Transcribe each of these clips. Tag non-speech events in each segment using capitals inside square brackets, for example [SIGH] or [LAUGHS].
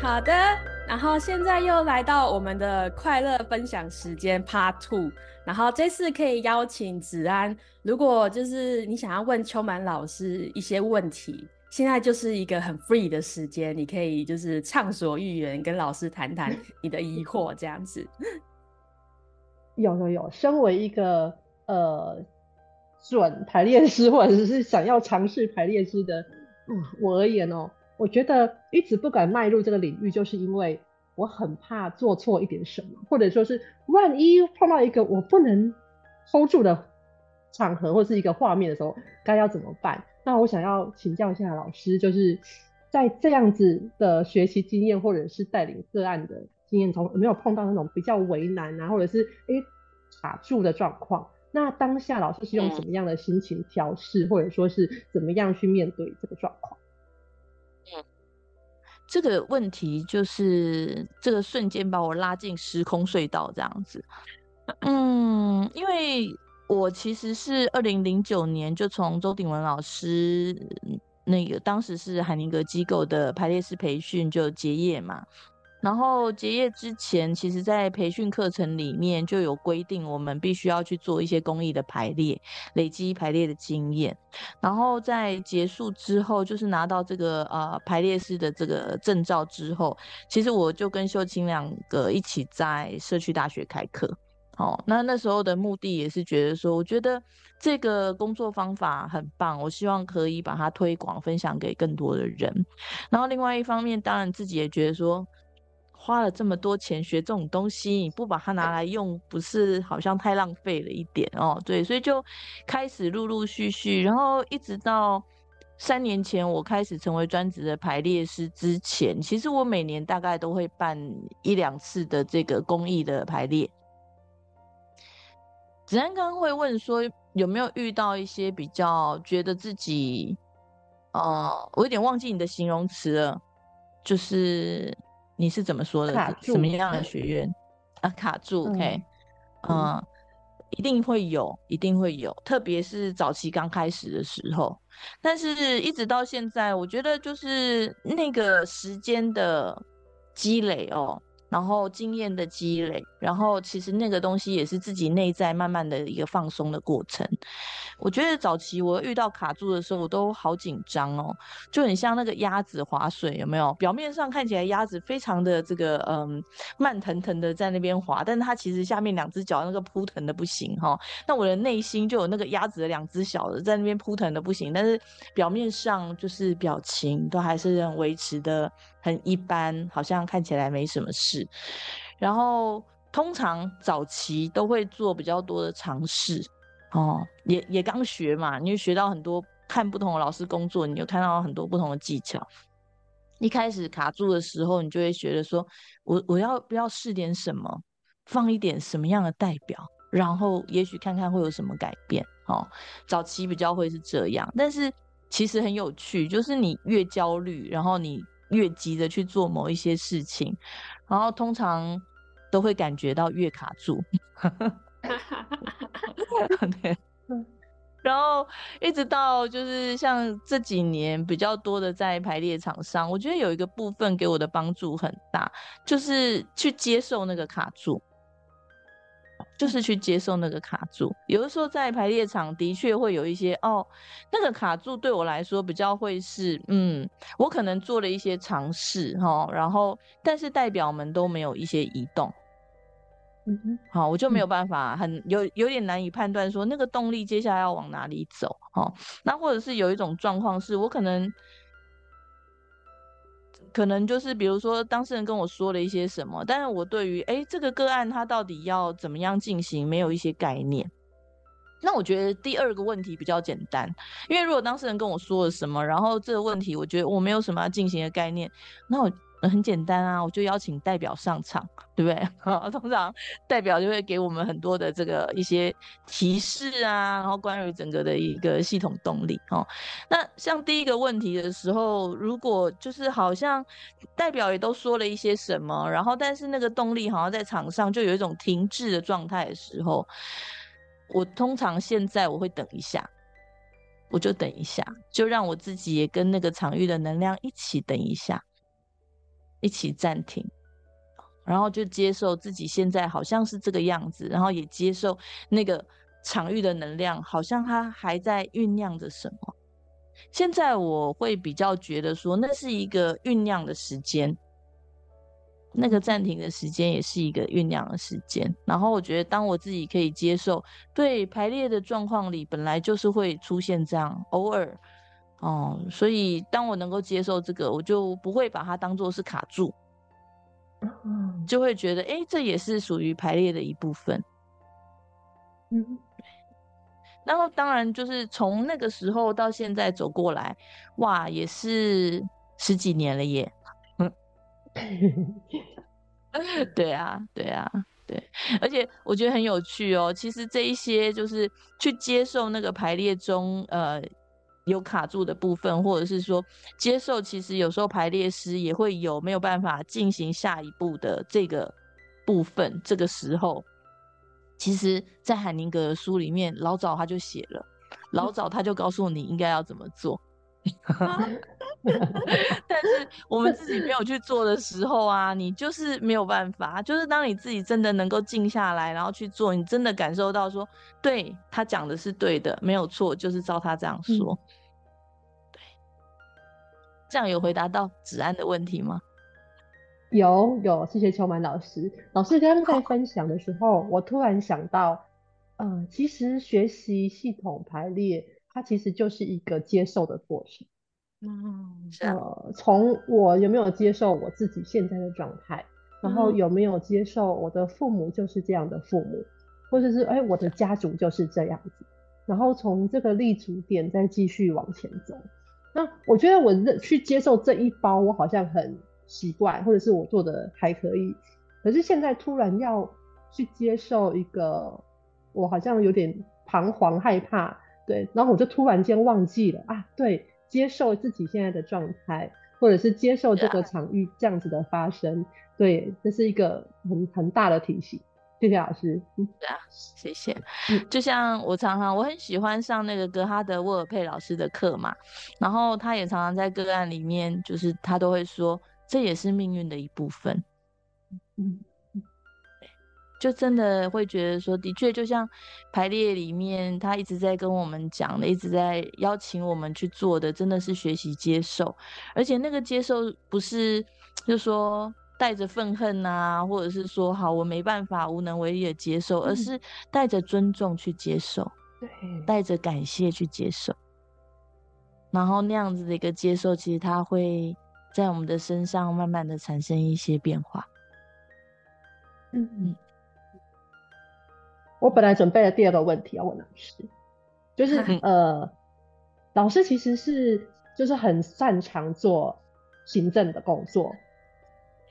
好的，然後現在又來到我們的快樂分享時間 Part Two，然後這次可以邀請子安。如果就是你想要問秋滿老師一些問題，現在就是一個很 free 的時間，你可以就是暢所欲言，跟老師談談你的疑惑這樣子。 [LAUGHS] 有有有，身為一個呃準排列師或者是想要嘗試排列師的，嗯，我而言哦、喔。我覺得一直不敢邁入這個領域，就是因為我很怕做錯一點什麼，或者說是萬一碰到一個我不能 hold 住的場合或是一個畫面的時候，該要怎麼辦？那我想要請教一下老師，就是在這樣子的學習經驗或者是帶領個案的經驗中，有沒有碰到那種比較為難啊，或者是哎卡住的狀況。那當下老師是用什麼樣的心情調試，或者說是怎麼樣去面對這個狀況？嗯，這個問題就是這個瞬間把我拉進時空隧道這樣子。嗯，因為我其實是二零零九年就從周鼎文老師那個當時是海寧格機構的排列師培訓就結業嘛。然後結業之前，其實在培訓課程裡面就有規定，我們必須要去做一些公益的排列，累積排列的經驗。然後在結束之後，就是拿到這個呃排列師的這個證照之後，其實我就跟秀清兩個一起在社區大學開課。哦，那那時候的目的也是覺得說，我覺得這個工作方法很棒，我希望可以把它推廣分享給更多的人。然後另外一方面，當然自己也覺得說。花了這麼多錢學這種東西，你不把它拿來用，不是好像太浪費了一點哦？對，所以就開始陸陸續續，然後一直到三年前我開始成為專職的排列師之前，其實我每年大概都會辦一兩次的這個公益的排列。子安剛剛會問說，有沒有遇到一些比較覺得自己，呃，我有點忘記你的形容詞了，就是。你是怎麼說的？卡住什麼樣的學員啊？卡住，OK，欸、嗯，嗯，一定會有，一定會有，特別是早期剛開始的時候，但是一直到現在，我覺得就是那個時間的積累哦。然後經驗的積累，然後其實那個東西也是自己內在慢慢的一個放鬆的過程。我覺得早期我遇到卡住的時候，我都好緊張哦，就很像那個鴨子划水，有沒有？表面上看起來鴨子非常的這個嗯慢騰騰的在那邊划，但是它其實下面兩隻腳那個撲騰的不行哈哦。那我的內心就有那個鴨子的兩隻小的在那邊撲騰的不行，但是表面上就是表情都還是很維持的。很一般，好像看起來沒什麼事。然後通常早期都會做比較多的嘗試，哦，也也剛學嘛，你就學到很多，看不同的老師工作，你有看到很多不同的技巧。一開始卡住的時候，你就會覺得說：“我我要不要試點什麼，放一點什麼樣的代表，然後也許看看會有什麼改變。”哦，早期比較會是這樣，但是其實很有趣，就是你越焦慮，然後你。越急着去做某一些事情，然後通常都會感覺到越卡住， [LAUGHS] 對。然後一直到就是像這幾年比較多的在排列場上，我覺得有一個部分給我的幫助很大，就是去接受那個卡住。就是去接受那個卡住，有的時候在排列場的確會有一些哦，那個卡住對我來說比較會是，嗯，我可能做了一些嘗試哈，然後但是代表們都沒有一些移動，嗯哼，好，我就沒有辦法，很有有點難以判斷說那個動力接下來要往哪裡走哈，哦，那或者是有一種狀況是我可能。可能就是，比如說當事人跟我說了一些什麼，但是我對於誒、欸、這個個案它到底要怎麼樣進行，沒有一些概念。那我覺得第二個問題比較簡單，因為如果當事人跟我說了什麼，然後這個問題，我覺得我沒有什麼要進行的概念，那我。很簡單啊，我就邀請代表上場，對不對？然後通常代表就會給我們很多的這個一些提示啊，然後關於整個的一個系統動力。哦，那像第一個問題的時候，如果就是好像代表也都說了一些什麼，然後但是那個動力好像在場上就有一種停滯的狀態的時候，我通常現在我會等一下，我就等一下，就讓我自己也跟那個場域的能量一起等一下。一起暫停，然後就接受自己現在好像是這個樣子，然後也接受那個場域的能量，好像它還在醞釀着什麼。現在我會比較覺得說，那是一個醞釀的時間，那個暫停的時間也是一個醞釀的時間。然後我覺得，當我自己可以接受，對排列的狀況裡，本來就是會出現這樣偶爾。哦、嗯，所以當我能夠接受這個，我就不會把它當作是卡住，就會覺得，哎，這也是屬於排列的一部分。嗯，然後當然就是從那個時候到現在走過來，哇，也是十幾年了耶。嗯、 [LAUGHS] [LAUGHS] 對啊，對啊，對，而且我覺得很有趣哦。其實這一些就是去接受那個排列中，呃。有卡住的部分，或者是說接受，其實有時候排列師也會有沒有辦法進行下一步的這個部分。這個時候，其實，在海寧格的書裡面，老早他就寫了，老早他就告訴你應該要怎麼做。 [LAUGHS] [LAUGHS] [LAUGHS] [LAUGHS] 但是我們自己沒有去做的時候啊， [LAUGHS] 你就是沒有辦法。就是當你自己真的能夠靜下來，然後去做，你真的感受到說，對，他講的是對的，沒有錯，就是照他這樣說，嗯。對，這樣有回答到子安的問題嗎？有有，謝謝秋滿老師。老師剛剛在分享的時候， [LAUGHS] 我突然想到，嗯、呃，其實學習系統排列，它其實就是一個接受的過程。嗯，呃，從我有沒有接受我自己現在的狀態，然後有沒有接受我的父母就是這樣的父母，或者是哎、欸、我的家族就是這樣子，然後從這個立足點再繼續往前走。那我覺得我去接受這一包，我好像很習慣，或者是我做的還可以，可是現在突然要去接受一個，我好像有點彷徨害怕，對，然後我就突然間忘記了，啊，對。接受自己現在的狀態，或者是接受這個場域這樣子的發生，對，啊，對，這是一個很很大的體系。謝謝老師，對啊，謝謝。就像我常常，我很喜歡上那個格哈德·沃爾佩老師的課嘛，然後他也常常在個案裡面，就是他都會說，這也是命運的一部分。嗯。就真的會覺得說，的確就像排列裡面他一直在跟我們講的，一直在邀請我們去做的，真的是學習接受。而且那個接受不是就是說帶着憤恨啊，或者是說好我沒辦法、無能為力的接受，而是帶着尊重去接受，對、嗯，帶着感謝去接受。然後那樣子的一個接受，其實它會在我們的身上慢慢的產生一些變化。嗯嗯。我本來準備了第二個問題要問老師，就是呃，老師其實是就是很擅長做行政的工作，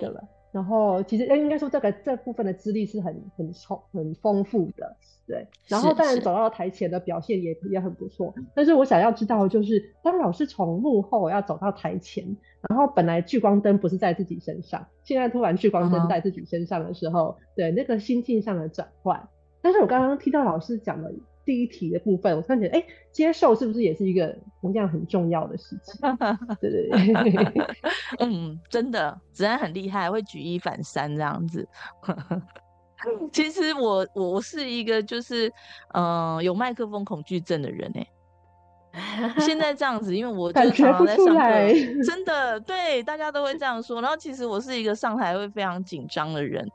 對了，然後其實應該說這個這部分的資歷是很很充很豐富的，對。然後當然走到台前的表現也也很不錯。但是我想要知道就是，當老師從幕後要走到台前，然後本來聚光燈不是在自己身上，現在突然聚光燈在自己身上的時候，uh -huh. 對那個心境上的轉換。但是我剛剛聽到老師講的第一題的部分，我突然覺得，哎，接受是不是也是一個同樣很重要的事情？ [LAUGHS] 對對對， [LAUGHS] [LAUGHS] 嗯，真的，子安很厲害，會舉一反三這樣子。 [LAUGHS] 其實我我是一個就是嗯、呃、有麥克風恐懼症的人哎、欸， [LAUGHS] 現在這樣子，因為我就常在上課，來 [LAUGHS] 真的對，大家都會這樣說。然後其實我是一個上台會非常緊張的人。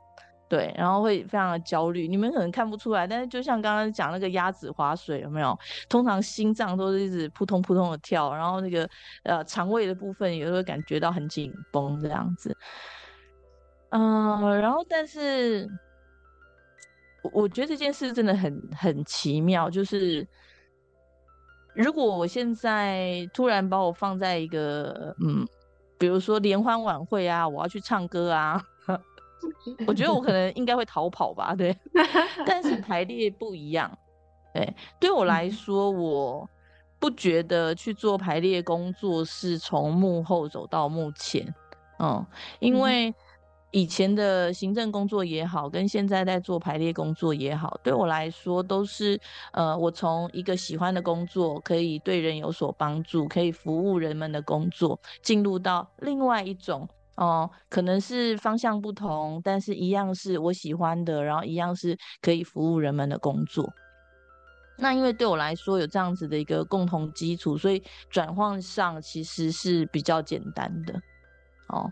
對，然後會非常的焦慮，你們可能看不出來，但是就像剛剛講那個鴨子划水，有沒有？通常心臟都是一直撲通撲通的跳，然後那個呃腸胃的部分也會感覺到很緊繃這樣子。嗯、呃，然後但是，我覺得這件事真的很很奇妙，就是如果我現在突然把我放在一個嗯，比如說聯歡晚會啊，我要去唱歌啊。 [LAUGHS] 我覺得我可能應該會逃跑吧，對。但是排列不一樣，對，對我來說，我不覺得去做排列工作是從幕後走到幕前，嗯，因為以前的行政工作也好，跟現在在做排列工作也好，對我來說都是，呃，我從一個喜歡的工作，可以對人有所幫助，可以服務人們的工作，進入到另外一種。哦，可能是方向不同，但是一樣是我喜歡的，然後一樣是可以服務人們的工作。那因為對我來說有這樣子的一個共同基礎，所以轉換上其實是比較簡單的。哦，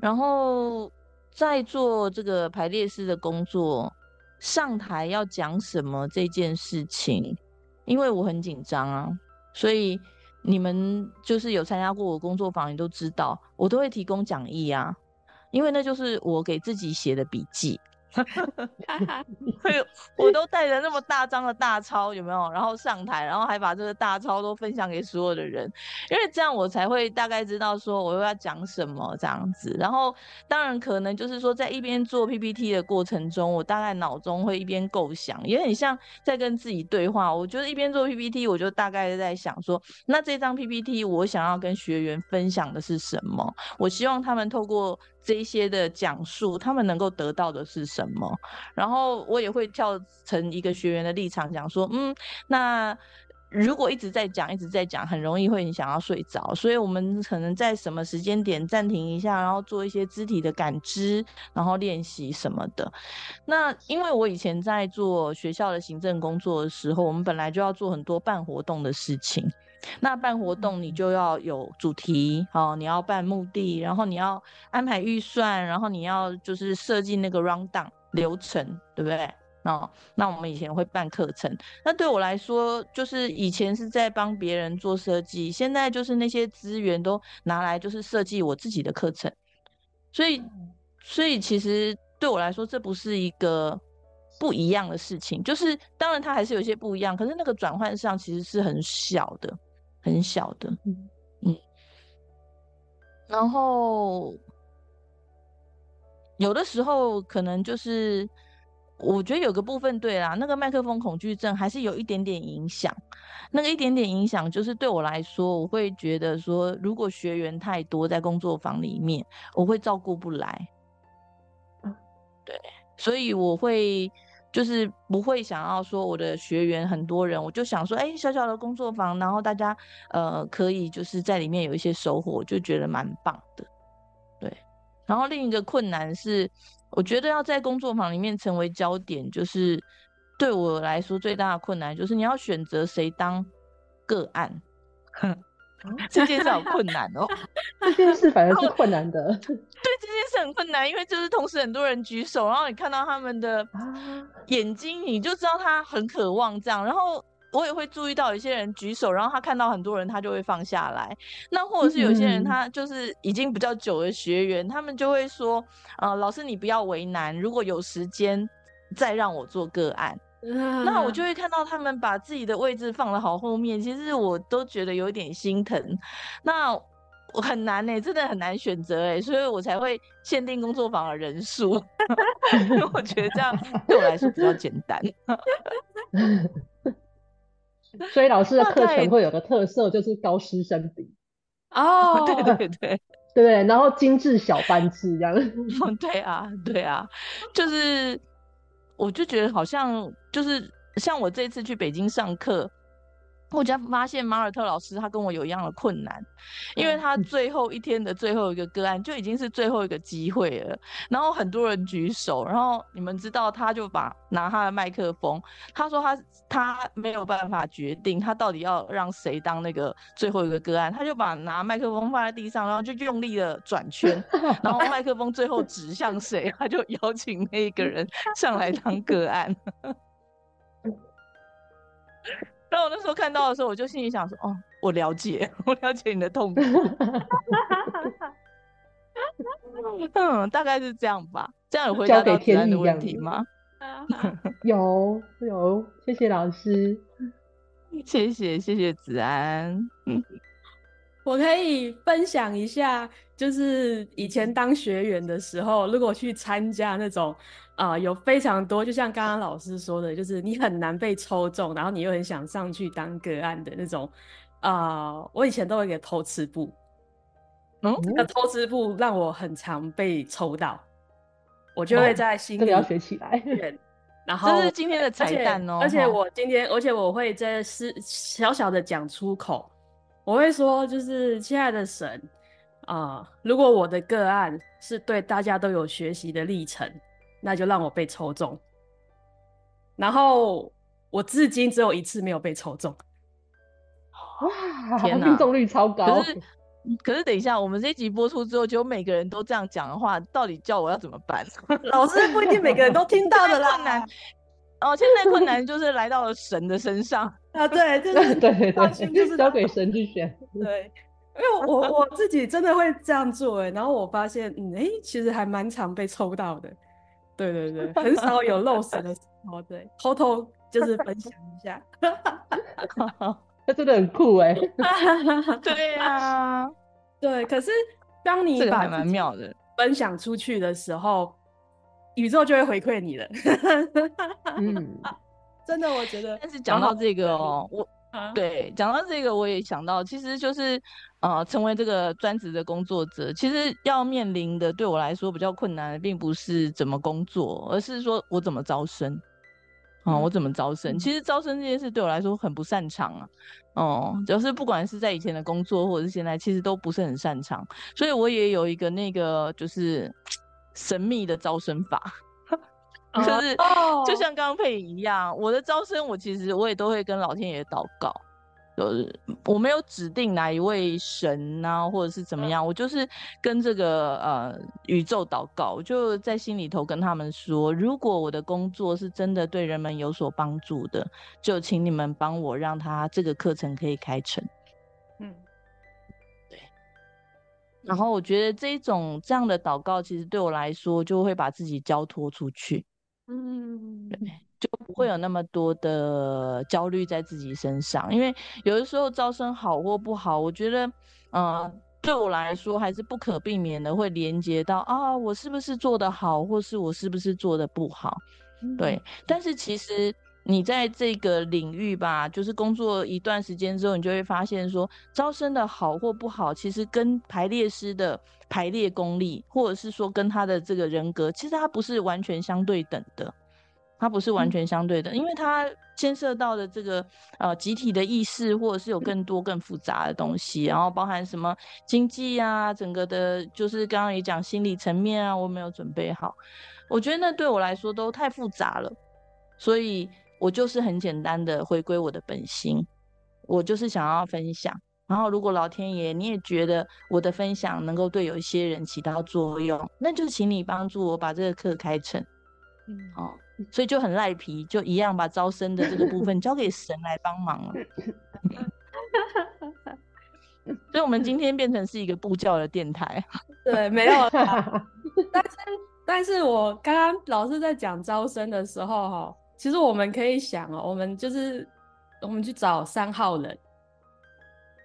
然後在做這個排列師的工作，上台要講什麼這件事情，因為我很緊張啊，所以。你們就是有參加過我工作坊，你都知道，我都會提供講義啊，因為那就是我給自己寫的筆記。哈 [LAUGHS] 哈、哎，我都帶着那麼大張的大抄，有沒有？然後上台，然後還把這個大抄都分享給所有的人，因為這樣我才會大概知道說我又要講什麼這樣子。然後當然可能就是說在一邊做 PPT 的過程中，我大概腦中會一邊構想，也很像在跟自己對話。我覺得一邊做 PPT，我就大概在想說，那這張 PPT 我想要跟學員分享的是什麼？我希望他們透過。這些的講述，他們能夠得到的是什麼？然後我也會跳成一個學員的立場講說，嗯，那如果一直在講，一直在講，很容易會你想要睡着，所以我們可能在什麼時間點暫停一下，然後做一些肢體的感知，然後練習什麼的。那因為我以前在做學校的行政工作的時候，我們本來就要做很多辦活動的事情。那辦活動你就要有主題哦，你要辦目的，然後你要安排預算，然後你要就是設計那個 round down 流程，對不對？哦，那我們以前會辦課程，那對我來說就是以前是在幫別人做設計，現在就是那些資源都拿來就是設計我自己的課程，所以所以其實對我來說，這不是一個不一樣的事情，就是當然它還是有些不一樣，可是那個轉換上其實是很小的。很小的，嗯，嗯，然後有的時候可能就是，我覺得有個部分對啦，那個麥克風恐懼症還是有一點點影響。那個一點點影響就是對我來說，我會覺得說，如果學員太多在工作坊裡面，我會照顧不來。對，所以我會。就是不會想要說我的學員很多人，我就想說，哎，小小的工作坊，然後大家，呃，可以就是在裡面有一些收穫，我就覺得蠻棒的，對。然後另一個困難是，我覺得要在工作坊裡面成為焦點，就是對我來說最大的困難就是你要選擇誰當個案。 [LAUGHS] 哦、這件事很困難哦， [LAUGHS] 這件事反而是困難的。對，這件事很困難，因為就是同時很多人舉手，然後你看到他們的眼睛，啊、你就知道他很渴望這樣。然後我也會注意到有些人舉手，然後他看到很多人，他就會放下來。那或者是有些人，他就是已經比較久的學員，嗯、他們就會說、呃：「老師你不要為難，如果有時間再讓我做個案。」那我就會看到他們把自己的位置放了好後面，其實我都覺得有點心疼。那很難呢、欸？真的很難選擇哎、欸，所以我才會限定工作坊的人數，因 [LAUGHS] 為我覺得這樣對我來說比較簡單。 [LAUGHS] 所以老師的課程會有個特色，就是高師生比哦，oh, 對對對對，然後精緻小班制這樣。 [LAUGHS] 對啊，對啊，就是我就覺得好像。就是像我這次去北京上課，我就發現馬爾特老師他跟我有一樣的困難，因為他最後一天的最後一個個案就已經是最後一個機會了。然後很多人舉手，然後你們知道，他就把拿他的麥克風，他說他他沒有辦法決定他到底要讓誰當那個最後一個個案，他就把拿麥克風放在地上，然後就用力的轉圈，然後麥克風最後指向誰，他就邀請那個人上來當個案。 [LAUGHS] 當我那時候看到的時候，我就心裡想說：“哦，我了解，我了解你的痛苦。 [LAUGHS] ” [LAUGHS] 嗯，大概是這樣吧。這樣有回答到子安的問題嗎？ [LAUGHS] 有有，謝謝老師，謝謝謝謝子安、嗯。我可以分享一下，就是以前當學員的時候，如果去參加那種。啊、呃，有非常多，就像剛剛老師說的，就是你很難被抽中，然後你又很想上去當個案的那種。啊、呃，我以前都有一個偷吃步，嗯，那偷吃步讓我很常被抽到，嗯、我就會在心裡、哦、裡要學起來。然後這是今天的彩蛋、哦、彩蛋哦，而且我今天，而且我會在是小小的講出口，我會說，就是親愛的神啊、呃，如果我的個案是對大家都有學習的歷程。那就讓我被抽中，然後我至今只有一次沒有被抽中。哇，天哪，命中率超高！可是，可是等一下，我們這一集播出之後，就每個人都這樣講的話，到底叫我要怎麼辦？ [LAUGHS] 老師不一定每個人都聽到的啦 [LAUGHS] 困難。哦，現在困難就是來到了神的身上 [LAUGHS] 啊！對，就是 [LAUGHS] 對對對，就是交給神去選。 [LAUGHS] 對，因為我我自己真的會這樣做哎，然後我發現，嗯，哎、欸，其實還蠻常被抽到的。對對對，很少有露死的時候， [LAUGHS] 對，偷偷就是分享一下，那 [LAUGHS] [LAUGHS] 真的很酷哎。 [LAUGHS] [LAUGHS] 對啊， [LAUGHS] 對，可是當你把蠻妙的分享出去的時候，宇宙就會回饋你的。 [LAUGHS] 嗯、 [LAUGHS] 真的，我覺得。但是講到這個哦， [LAUGHS] 我。對，講到這個，我也想到，其實就是，呃，成為這個專職的工作者，其實要面臨的，對我來說比較困難的，並不是怎麼工作，而是說我怎麼招生，啊、呃嗯，我怎麼招生？其實招生這件事對我來說很不擅長啊，哦、呃，就是不管是在以前的工作，或者是現在，其實都不是很擅長，所以我也有一個那個就是神秘的招生法。可是，Uh-huh. Oh. 就像剛剛佩影一樣，我的招生，我其實我也都會跟老天爺禱告。呃，就是，我沒有指定哪一位神啊，或者是怎麼樣，Uh-huh. 我就是跟這個呃宇宙禱告，就在心裡頭跟他們說：如果我的工作是真的對人們有所幫助的，就請你們幫我讓他這個課程可以開成。嗯，對。然後我覺得這一種這樣的禱告，其實對我來說就會把自己交托出去。嗯， [NOISE] 對，就不會有那麼多的焦慮在自己身上，因為有的時候招生好或不好，我覺得，嗯、呃， [NOISE] 對我來說還是不可避免的會連接到啊，我是不是做得好，或是我是不是做得不好， [NOISE] 對，但是其實。你在這個領域吧，就是工作一段時間之後，你就會發現說，招生的好或不好，其實跟排列師的排列功力，或者是說跟他的這個人格，其實他不是完全相對等的，他不是完全相對的、嗯，因為他牽涉到的這個呃集體的意識，或者是有更多更複雜的東西，然後包含什麼經濟啊，整個的，就是剛剛也講心理層面啊，我沒有準備好，我覺得那對我來說都太複雜了，所以。我就是很簡單的回歸我的本心，我就是想要分享。然後，如果老天爺你也覺得我的分享能夠對有一些人起到作用，那就請你幫助我把這個課開成，嗯、哦，所以就很賴皮，就一樣把招生的這個部分交給神來幫忙了。 [LAUGHS] [LAUGHS] 所以，我們今天變成是一個布教的電台。對，沒有。 [LAUGHS] 但是，但是我剛剛老師在講招生的時候，喔，哈。其實我們可以想哦，我們就是我們去找三號人，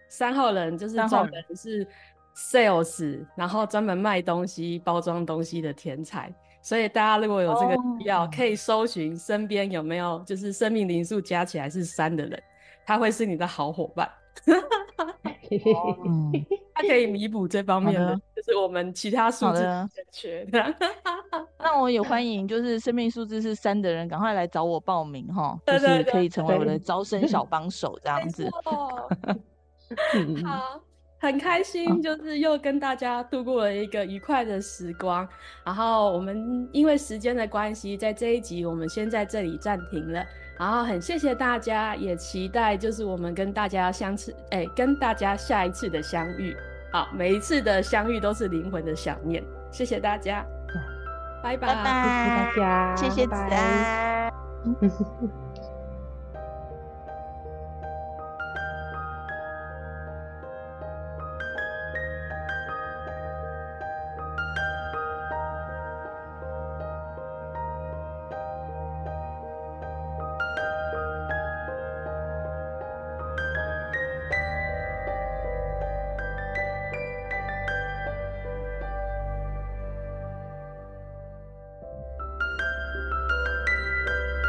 三號人就是專門是 sales，人然後專門賣東西、包裝東西的天才。所以大家如果有這個需要，oh. 可以搜尋身邊有沒有就是生命靈數加起來是三的人，他會是你的好夥伴。 [LAUGHS] [LAUGHS] 哦，他可以彌補這方面的， [LAUGHS] 的，就是我們其他數字欠缺。的 [LAUGHS] [LAUGHS] 那我也歡迎，就是生命數字是三的人，趕快來找我報名哈， [LAUGHS] [LAUGHS] [LAUGHS] 就是可以成為我的招生小幫手這樣子。 [LAUGHS] [LAUGHS] [LAUGHS] 好，很開心， [LAUGHS] 就是又跟大家度過了一個愉快的時光。 [LAUGHS] 然後我們因為時間的關係，在這一集我們先在這裡暫停了。然後很謝謝大家，也期待就是我們跟大家相次，欸，跟大家下一次的相遇。好，每一次的相遇都是靈魂的想念。謝謝大家，拜拜，拜拜，謝謝大家，謝謝子安。拜拜 [LAUGHS]